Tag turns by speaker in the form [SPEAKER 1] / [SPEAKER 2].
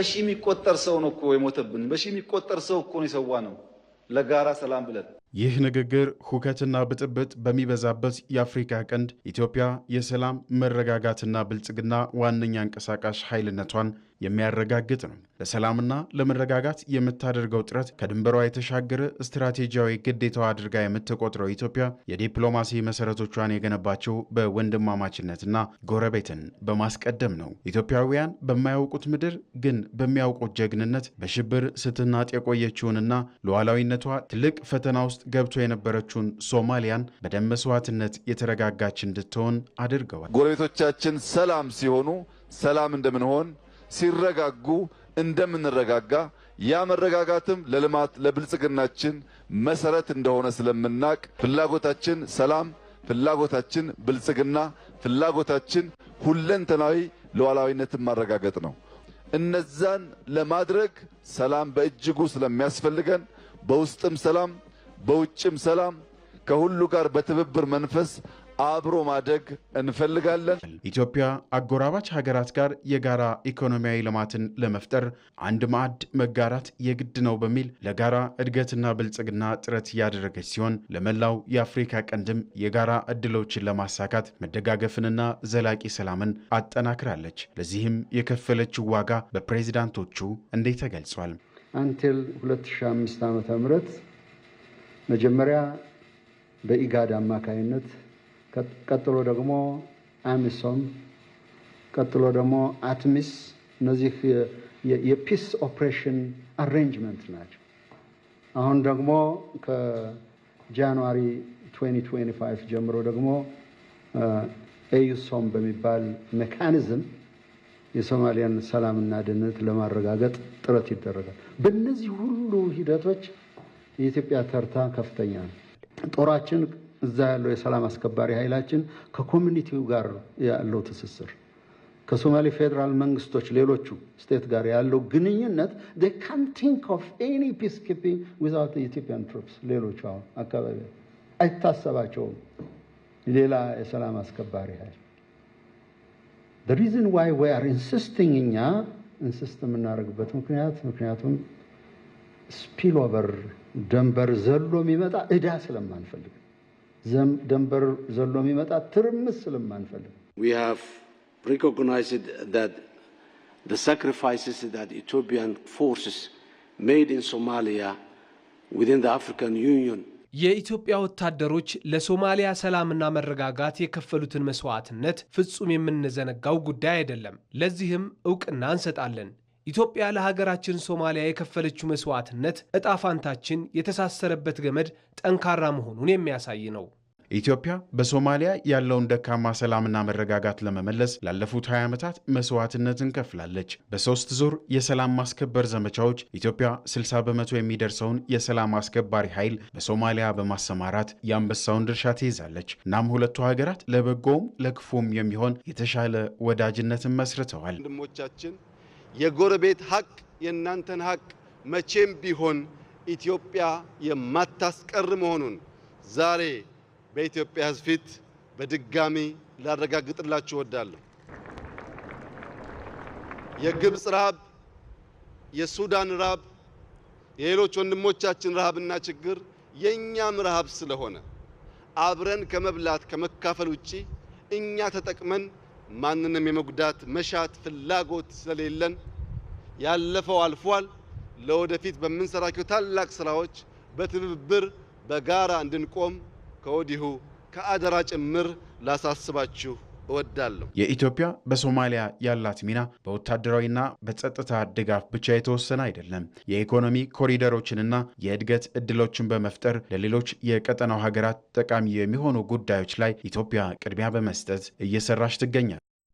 [SPEAKER 1] በሺ የሚቆጠር ሰው ነው እኮ የሞተብን። በሺ የሚቆጠር ሰው እኮ ነው የሰዋ ነው ለጋራ ሰላም ብለን
[SPEAKER 2] ይህ ንግግር ሁከትና ብጥብጥ በሚበዛበት የአፍሪካ ቀንድ ኢትዮጵያ የሰላም መረጋጋትና ብልጽግና ዋነኛ አንቀሳቃሽ ኃይልነቷን የሚያረጋግጥ ነው። ለሰላምና ለመረጋጋት የምታደርገው ጥረት ከድንበሯ የተሻገረ ስትራቴጂያዊ ግዴታዋ አድርጋ የምትቆጥረው ኢትዮጵያ የዲፕሎማሲ መሰረቶቿን የገነባቸው በወንድማማችነትና ጎረቤትን በማስቀደም ነው። ኢትዮጵያውያን በማያውቁት ምድር ግን በሚያውቁት ጀግንነት በሽብር ስትናጥ የቆየችውንና ሉዓላዊነቷ ትልቅ ፈተና ውስጥ ውስጥ ገብቶ የነበረችውን ሶማሊያን በደም መስዋዕትነት የተረጋጋች እንድትሆን አድርገዋል።
[SPEAKER 3] ጎረቤቶቻችን ሰላም ሲሆኑ ሰላም እንደምንሆን፣ ሲረጋጉ እንደምንረጋጋ፣ ያ መረጋጋትም ለልማት ለብልጽግናችን መሰረት እንደሆነ ስለምናቅ ፍላጎታችን ሰላም፣ ፍላጎታችን ብልጽግና፣ ፍላጎታችን ሁለንተናዊ ሉዓላዊነትን ማረጋገጥ ነው። እነዛን ለማድረግ ሰላም በእጅጉ ስለሚያስፈልገን በውስጥም ሰላም በውጭም ሰላም ከሁሉ ጋር በትብብር መንፈስ አብሮ ማደግ እንፈልጋለን።
[SPEAKER 2] ኢትዮጵያ አጎራባች ሀገራት ጋር የጋራ ኢኮኖሚያዊ ልማትን ለመፍጠር አንድ ማዕድ መጋራት የግድ ነው በሚል ለጋራ እድገትና ብልጽግና ጥረት እያደረገች ሲሆን ለመላው የአፍሪካ ቀንድም የጋራ እድሎችን ለማሳካት መደጋገፍንና ዘላቂ ሰላምን አጠናክራለች። ለዚህም የከፈለችው ዋጋ በፕሬዚዳንቶቹ እንዴት ተገልጿል?
[SPEAKER 4] አንቴል 2005 ም መጀመሪያ በኢጋድ አማካይነት ቀጥሎ ደግሞ አሚሶም ቀጥሎ ደግሞ አትሚስ እነዚህ የፒስ ኦፕሬሽን አሬንጅመንት ናቸው። አሁን ደግሞ ከጃንዋሪ 2025 ጀምሮ ደግሞ ኤዩሶም በሚባል ሜካኒዝም የሶማሊያን ሰላምና ደህንነት ለማረጋገጥ ጥረት ይደረጋል። በእነዚህ ሁሉ ሂደቶች የኢትዮጵያ ተርታ ከፍተኛ ነው። ጦራችን እዛ ያለው የሰላም አስከባሪ ኃይላችን ከኮሚኒቲው ጋር ያለው ትስስር ከሶማሌ ፌዴራል መንግስቶች ሌሎቹ ስቴት ጋር ያለው ግንኙነት ካን ቲንክ ኦፍ ኤኒ ፒስ ኪፒንግ ዊዛውት ኢትዮጵያን ሌሎቹ አሁን አካባቢ አይታሰባቸውም። ሌላ የሰላም አስከባሪ ኃይል ሪዝን ዋይ ዊ አር ኢንስስቲንግ እኛ ኢንስስት የምናደርግበት ምክንያት ምክንያቱም ስፒል ኦቨር ደንበር ዘሎ የሚመጣ እዳ ስለማንፈልግ፣ ደንበር ዘሎ የሚመጣ ትርምስ ስለማንፈልግ
[SPEAKER 5] we have recognized that the sacrifices that Ethiopian forces made in Somalia within the African Union
[SPEAKER 2] የኢትዮጵያ ወታደሮች ለሶማሊያ ሰላምና መረጋጋት የከፈሉትን መስዋዕትነት ፍጹም የምንዘነጋው ጉዳይ አይደለም። ለዚህም እውቅና እንሰጣለን። ኢትዮጵያ ለሀገራችን ሶማሊያ የከፈለችው መስዋዕትነት እጣ ፋንታችን የተሳሰረበት ገመድ ጠንካራ መሆኑን የሚያሳይ ነው። ኢትዮጵያ በሶማሊያ ያለውን ደካማ ሰላምና መረጋጋት ለመመለስ ላለፉት 20 ዓመታት መስዋዕትነትን ከፍላለች። በሶስት ዙር የሰላም ማስከበር ዘመቻዎች ኢትዮጵያ 60 በመቶ የሚደርሰውን የሰላም አስከባሪ ኃይል በሶማሊያ በማሰማራት የአንበሳውን ድርሻ ትይዛለች። እናም ሁለቱ ሀገራት ለበጎውም ለክፉም የሚሆን የተሻለ ወዳጅነትን መስርተዋል።
[SPEAKER 1] ወንድሞቻችን የጎረቤት ሀቅ የእናንተን ሀቅ መቼም ቢሆን ኢትዮጵያ የማታስቀር መሆኑን ዛሬ በኢትዮጵያ ሕዝብ ፊት በድጋሚ ላረጋግጥላችሁ እወዳለሁ። የግብፅ ረሃብ፣ የሱዳን ረሃብ፣ የሌሎች ወንድሞቻችን ረሃብና ችግር የእኛም ረሃብ ስለሆነ አብረን ከመብላት ከመካፈል ውጪ እኛ ተጠቅመን ማንንም የመጉዳት መሻት ፍላጎት ስለሌለን ያለፈው አልፏል። ለወደፊት በምንሰራቸው ታላቅ ስራዎች በትብብር በጋራ እንድንቆም ከወዲሁ ከአደራ ጭምር ላሳስባችሁ እወዳለሁ።
[SPEAKER 2] የኢትዮጵያ በሶማሊያ ያላት ሚና በወታደራዊና በጸጥታ ድጋፍ ብቻ የተወሰነ አይደለም። የኢኮኖሚ ኮሪደሮችንና የእድገት እድሎችን በመፍጠር ለሌሎች የቀጠናው ሀገራት ጠቃሚ የሚሆኑ ጉዳዮች ላይ ኢትዮጵያ ቅድሚያ በመስጠት እየሰራች ትገኛል።